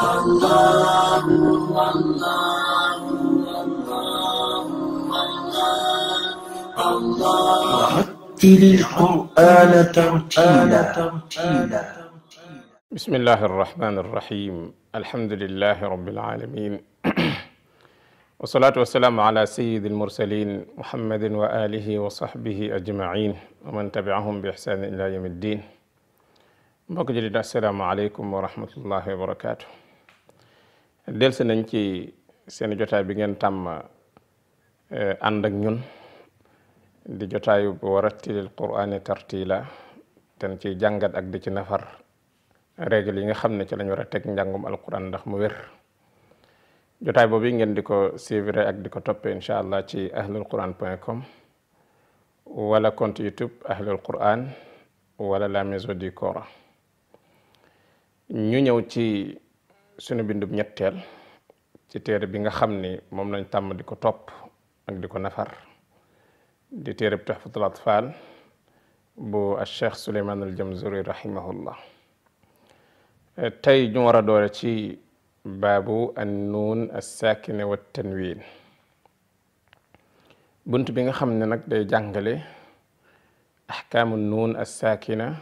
الله الله الله رتل القرآن ترتيلا بسم الله الرحمن الرحيم الحمد لله رب العالمين والصلاة والسلام على سيد المرسلين محمد وآله وصحبه أجمعين ومن تبعهم بإحسان إلى يوم الدين السلام عليكم ورحمة الله وبركاته delsi nañ ci seeni jotaay bi ngeen tàmm eh, ànd ñun di jotaayu bu warattilil qur'ani tartila ten ci jàngat ak di ci nafar règle yi nga xam ne ci lañ war a teg njàngum alquran ndax mu wér jotaay boobu ngeen di ko suivre ak di ko toppee incha allah ci ahlul quran point com wala compte youtube ahlul quran wala la du coran ñu ñëw ci suñu bindub ñettel ci téré bi nga xamni mom lañ tam diko top ak diko nafar di téré bi Tuhfatul Atfal bu al Cheikh Suleymaan al Jamzuri rahimahullah tey ñu wara doore ci babu an nun as saakina wa at-tanwin buntu bi nga xam nak day jàngale ahkamun nun as sakinah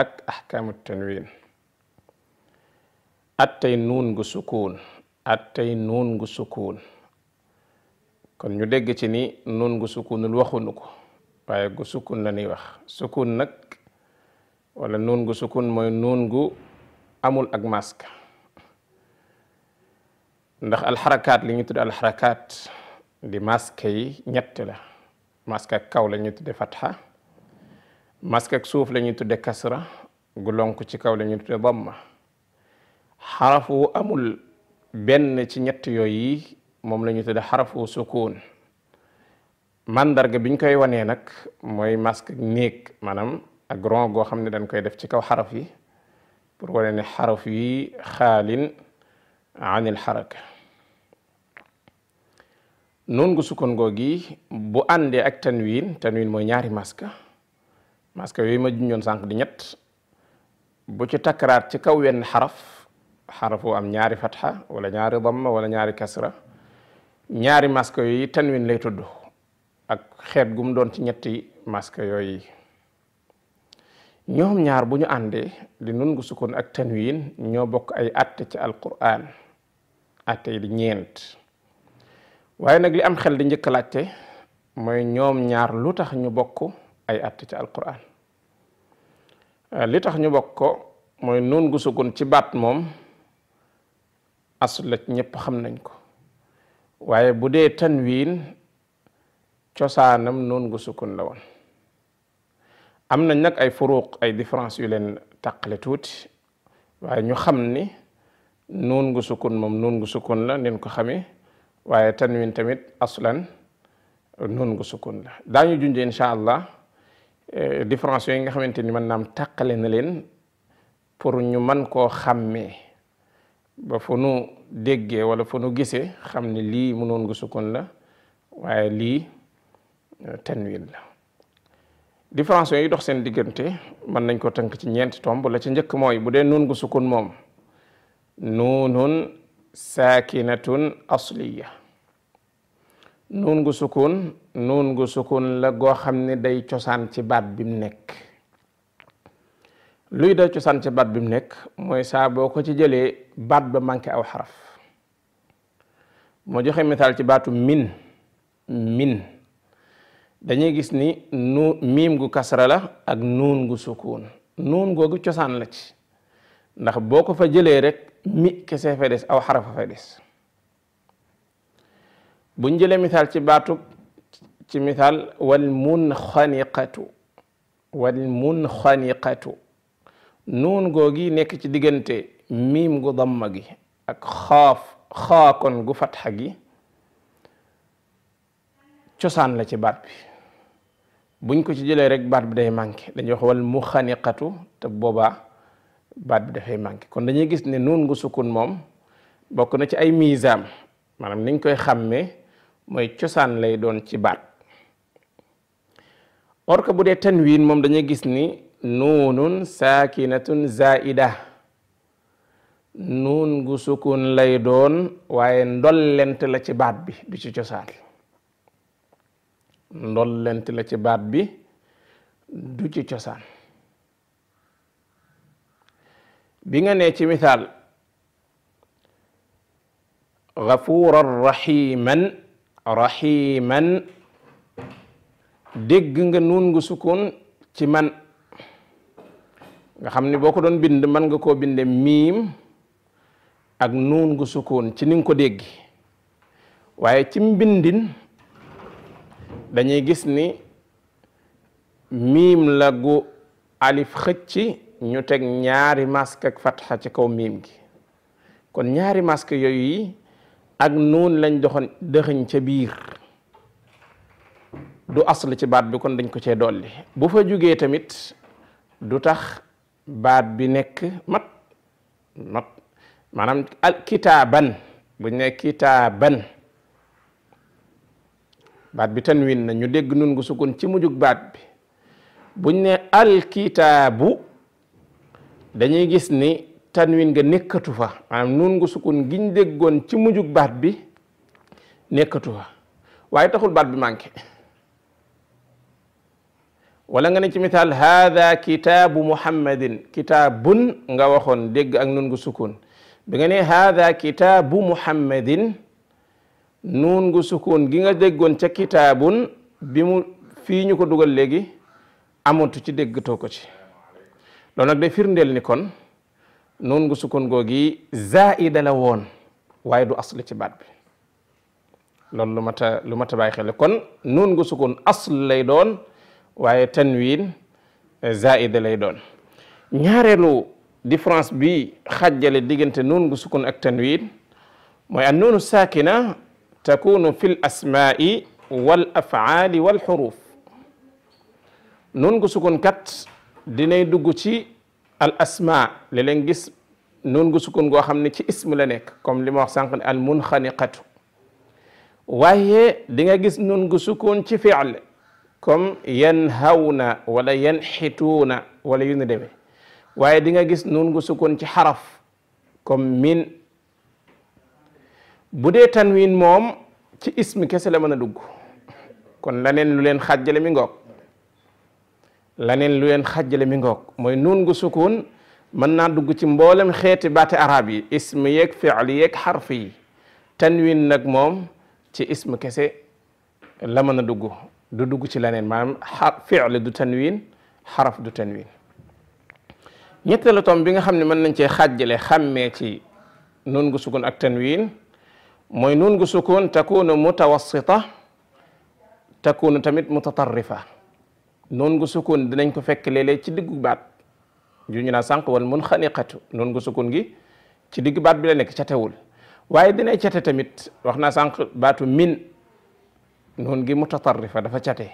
ak axkaamu tanwiin attay nuun gu sukuun attay nuun gu sukuun kon ñu dégg ci ni nuun gu sukuunul waxunu ko waaye gu sukuun la ñuy wax sukuun nag wala nuun gu sukuun mooy nuun gu amul ak maska ndax alxarakaat li ñu tudd alxarakaat di masque yi ñett la masque ak kaw la ñu tudde fatxa masque ak suuf la ñuy tudde kasra gu lonk ci kaw la ñuy tudde damma xaraf wu amul benn ci ñett yooyu moom la ñu tudde xarafu sukuun mandarga biñ koy wanee nag mooy masque néeg maanaam ak rond goo xam ne dañ koy def ci kaw xaraf yi pour wane ne xaraf yi xaalin anil xaraka nun gu sukkun googi bu àndee ak tanwin tanwin mooy ñaari maska masque yooyu ma junjoon sànq di ñett bu ci takkaraat ci kaw wenn xaraf xarafu am ñaari fatxa wala ñaari damma wala ñaari kasra ñaari maska yooyu tanwin lay tudd ak xeet gum doon ci ñetti maska yooyu ñoom ñaar bu ñu àndee di nun gu sukkoon ak tanwin ñoo bokk ay atte ci alquran atte yi di ñeent waaye nag li am xel di njëkk mooy ñoom lu tax ñu bokk ay atte ci alquran li tax ñu bokk ko mooy nun gu ci baat moom asl la ñëpp xam nañ ko waaye bu dee tan wiin cosaanam noon gu la woon am nañ nag ay furuq ay différence yu leen taqale tuuti waaye ñu xam ni noon gu sukun moom noon gu la nin ko xamee waaye wiin tamit aslan noon gu sukun la daañu junj incha allah eh, différence yooyu nga xamante ni mën naam taqale na leen pour ñu mën koo xàmmee ba fu nu déggee wala fu nu gisee xam ne lii munoon gu sukkoon la waaye lii euh, tanwin la différence yooyu dox seen diggante mën nañ ko tënk ci ñeenti tomb la ci njëkk mooy bu dee nuun gu sukkoon moom nuunun saakinatun asliya nuun gu sukkoon nuun sukkoon la goo xam ne day cosaan ci baat bi mu nekk luy dee cosaan ci baat bi mu nekk mooy saa boo ko ci jëlee baat ba manqué aw xaraf moo joxe misaal ci baatu min min dañuy gis ni nu miim gu kasra la ak nuun gu sukuun nuun googu cosaan la ci ndax boo ko fa jëlee rek mi kese fa aw xarafa fa des buñ jëlee misaal ci baatu ci misaal wal mun xaniqatu wal mun xaniqatu nuun googi nekk ci diggante miim gu damma gi ak xaaf xaakon gu fat fatxa gi cosaan la ci baat bi buñ ko ci jëlee rek baat bi day manqué dañuy wax wal te boobaa baat bi dafay manqué kon dañuy gis ne nuun gu sukun moom bokk na ci ay misaam maanaam niñ koy xàmmee mooy cosaan lay doon ci baat or que bu dee tanwiin moom dañuy gis ni nuunun saakinatun zaida nuun gu sukun lay doon waaye ndollent la ci baat bi du ci cosaan ndollent la ci baat bi du ci cosaan bi nga ne ci misaal gafuuran raximan raximan dégg nga nuun gu sukun ci man nga xam ni boo ko doon bind man nga koo binde miim ak nuun gu sukkoon ci ni ko dégg waaye ci mbindin dañuy gis ni miim la gu alif xëcci ñu teg ñaari masque ak fatxa ci kaw miim gi kon ñaari masque yooyu yi ak nuun lañ doxoon dëxëñ ca biir du asl ci baat bi kon dañ ko cee dolli bu fa jugee tamit du tax baat bi nekk mat mat maanaam al kitaaban buñ kitaaban baat bi tanwin na ñu dégg nun gu ci mujug baat bi buñ ne alkitaabu dañuy gis ni tanwin nga nekkatu fa maanaam nun gu sukun giñ déggoon ci mujug baat bi nekkatu fa waaye taxul baat bi manqué wala nga ne ci misaal haada kitaabu muhammadin kitaabun nga waxoon dégg ak nun gu sukun bi nga ne haada kitaabu muhammadin nun gu sukun gi nga déggoon ca kitaabun bi mu fii ñu ko dugal léegi amatu ci dégg too ko ci loolu nag day firndeel ni kon nun gu googi zaida la woon waaye du asl ci baat bi loolu lu mat a kon nun gu sukun asl lay doon waaye tanwin eh, zaida lay doon ñaareelu différence bi xajjale diggante nuun gu sukun ak tanwin mooy an nuunu saakina takunu fi l asmaai wal afaali wal xuruf nuun gu sukun kat dinay dugg ci al asma li leen gis nuun gu sukun goo xam ne ci ism la nekk comme li ma wax sànq ne al munxaniqatu waaye di nga gis nuun gu sukun ci fiil comme yanhawna wala yan yanxituuna wala yu nu demee waaye di gis nun gu ci xaraf comme min bu dee tan wiin moom ci ism kese la mën a dugg kon laneen lu leen xàjjale mi ngoog lu leen xàjjale mi ngoog mooy nun gu sukkoon mën naa dugg ci mboolem xeeti baati arab yi ism yeeg fiil yeeg xarf yi tanwin nag moom ci ism kese la mën a dugg du dugg ci leneen maanaam xa fi'l du tanwin xaraf du ñette ñetteelu tom bi nga xam ne mën nañ cee xàjjale xàmmee ci nun gu sukun ak tanwin mooy nun gu sukun takunu mutawassita takunu tamit mutatarrifa nun gu sukun dinañ ko fekk léeg ci diggu baat ju na naa sànq mun munxaniqatu nun gu sukun gi ci diggu baat bi la nekk catewul waaye dina cate tamit wax naa sànq baatu min noon gi mutatarrifa dafa cate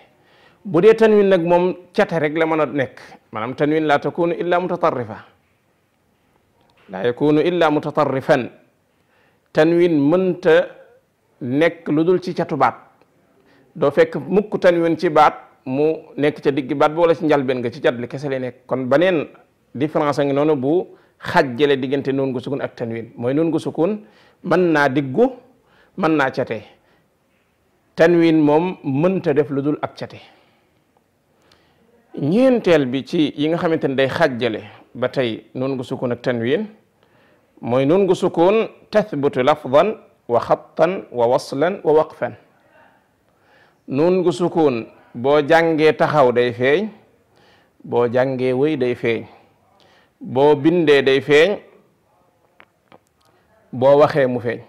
bu dee tanwin nag moom cate rek la mën a nekk maanaam tanwin laa takunu illa mutatarrifa laa yakunu illa mutatarrifan tanwin mënta nekk lu dul ci catu baat doo fekk mukk tanwin ci baat mu nekk ca digg baat boo la ci njalbeen nga ci cat li kese lay nekk kon beneen différence a ngi noonu bu xajjale diggante noon gu sukun ak tanwin mooy noon gu sukun mën naa diggu mën naa cate tanwin moom mënta def lu dul ak cate ñeenteel bi ci yi nga xamante ni day xajjale ba tey nun gu sukun ak tanwin mooy nun gu sukun tathbutu lafdan wa xattan wa waslan wa waqfan nun gu sukun boo jàngee taxaw day feeñ boo jàngee wëy day feeñ boo bindee day feeñ boo waxee mu feeñ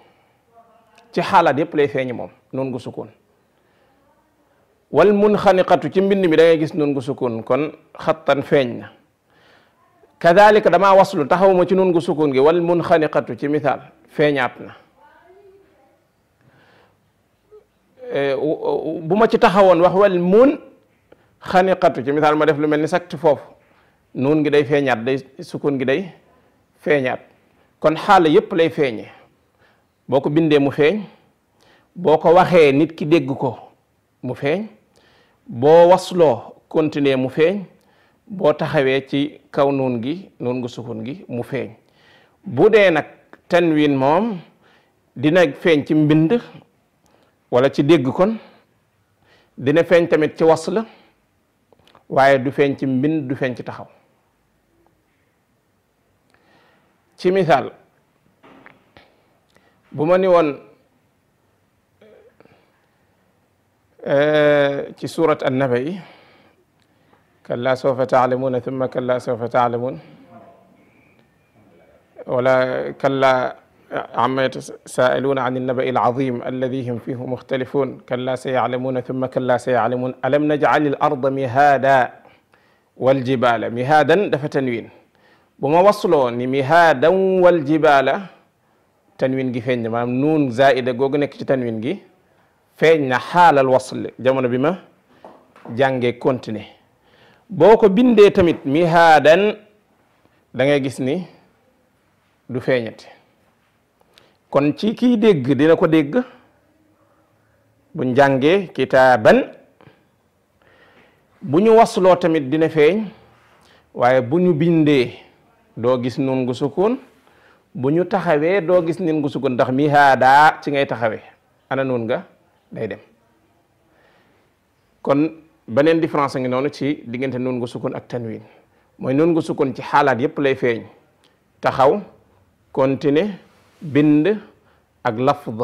ci xaalaat yépp lay feeñi moom nun gu sukun wal munxaniqatu ci mbind mi da gis nun gu sukun kon xattan feeñ na kadalika dama waslu taxawuma ci nun gu sukun gi wal munxaniqatu ci misaal feeñaat na e, bu ci taxawoon wax wal mun ci misaal ma def lu mel ni sakti foofu nuun gi day feeñaat day sukun gi day feeñaat kon xaala yépp lay feeñe boo ko bindee mu feeñ boo ko waxee nit ki dégg ko mu feeñ boo wasloo continuer mu feeñ boo taxawee ci kaw nuun gi nuun gu sukun gi mu feeñ bu dee nag ten win moom dina feeñ ci mbind wala ci dégg kon dina feeñ tamit ci wasla waaye du feeñ ci mbind du feeñ ci taxaw ci misaal bu ma ni woon آه، في سورة النبي كلا سوف تعلمون ثم كلا سوف تعلمون ولا كلا عما يتساءلون عن النبأ العظيم الذي هم فيه مختلفون كلا سيعلمون ثم كلا سيعلمون ألم نجعل الأرض مهادا والجبال مهادا دف تنوين بما وصلون مهادا والجبال تنوين جي فين نون زائد جوجنك تنوين جي feeñ na xaalal wasl jamono bi ma jàngee continuer boo ko bindee tamit mihaadan da dangay gis ni du feeñat kon ci ki dégg dina ko dégg bu njàngee kitaaban bu ñu wasloo tamit dina feeñ waaye bu ñu bindee doo gis nun gu sukun bu ñu taxawee doo gis nin gu sukun ndax mihaada ci ngay taxawee ana nun nga day dem kon beneen différence ngi noonu ci diggante nun gu sukkoon ak tanwin mooy nun gu sukkoon ci xaalaat yépp lay feeñ taxaw kontine bind ak lafd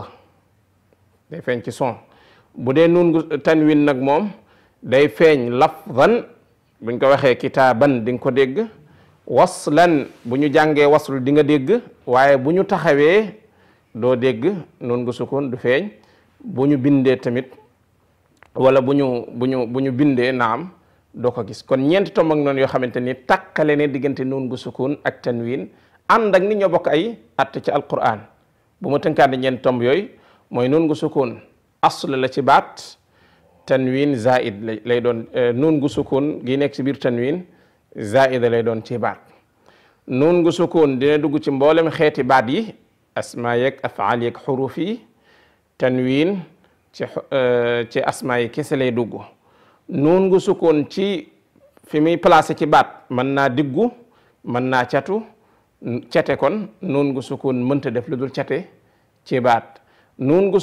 day feeñ ci son bu dee nun gu tanwin nag moom day feeñ lafdan buñ ko waxee kitaaban di nga ko dégg waslan bu ñu jàngee waslu di nga dégg waaye bu ñu taxawee doo dégg nun gu sukkoon du feeñ bu ñu bindee tamit wala bu ñu bu bu ñu bindee naam doo ko gis kon ñeenti tomb ak noonu yoo xamante ni takkale ne diggante nuun gu sukun ak tanwin ànd ak ni ñoo bokk ay att ci alquran bu ma tënkaat ne ñeenti tomb yooyu mooy nuun gu sukun asl la ci baat tanwin zaid lay doon eh, nuun gu gi nekk ci biir tanwin zaida lay doon ci baat nuun gu sukun dina dugg ci mboolem xeeti baat yi asma yeeg afaal yeeg xuruuf tanwiin ci euh, ci asmaayi kese lay dugg nuun gu sukkoon ci fi muy placé ci baat mën naa diggu mën naa catu cate kon nuun gu sukkoon mënta def lu dul cate ci baat nuun gu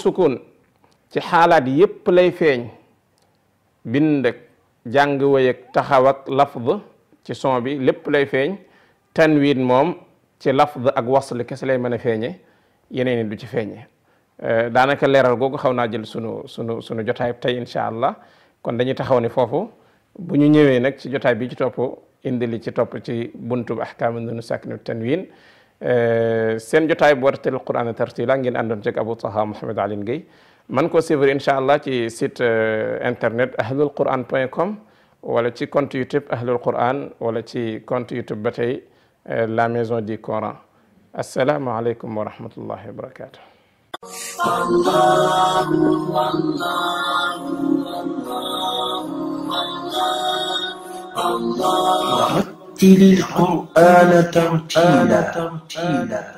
ci xaalaat yépp lay feeñ bind ak jàng wéy ak taxaw ak lafd ci son bi lépp lay feeñ tanwiin moom ci lafd ak wasl kese lay mën a feeñe yeneen du ci feeñe Eh, daanaka leeral googu xaw naa jël sunu sunu sunu jotaay tey incha allah kon dañuy taxaw ni foofu bu ñu ñëwee nag ci jotaay bi ci topp indi li ci topp ci buntu ahkaamu nuunu saakinu tanwiin eh, seen jotaay bu wartil Qur'aan tartiila ngeen àndoon ceeg Abou Taha Mouhamed Alioune Guèye man koo suivre incha allah ci site eh, internet ahlul quran point com wala ci compte YouTube ahlul quran wala ci compte YouTube ba tey la maison du Coran assalaamu aleykum wa wa barakatuh الله الله الله الله رتل القرآن ترتيلا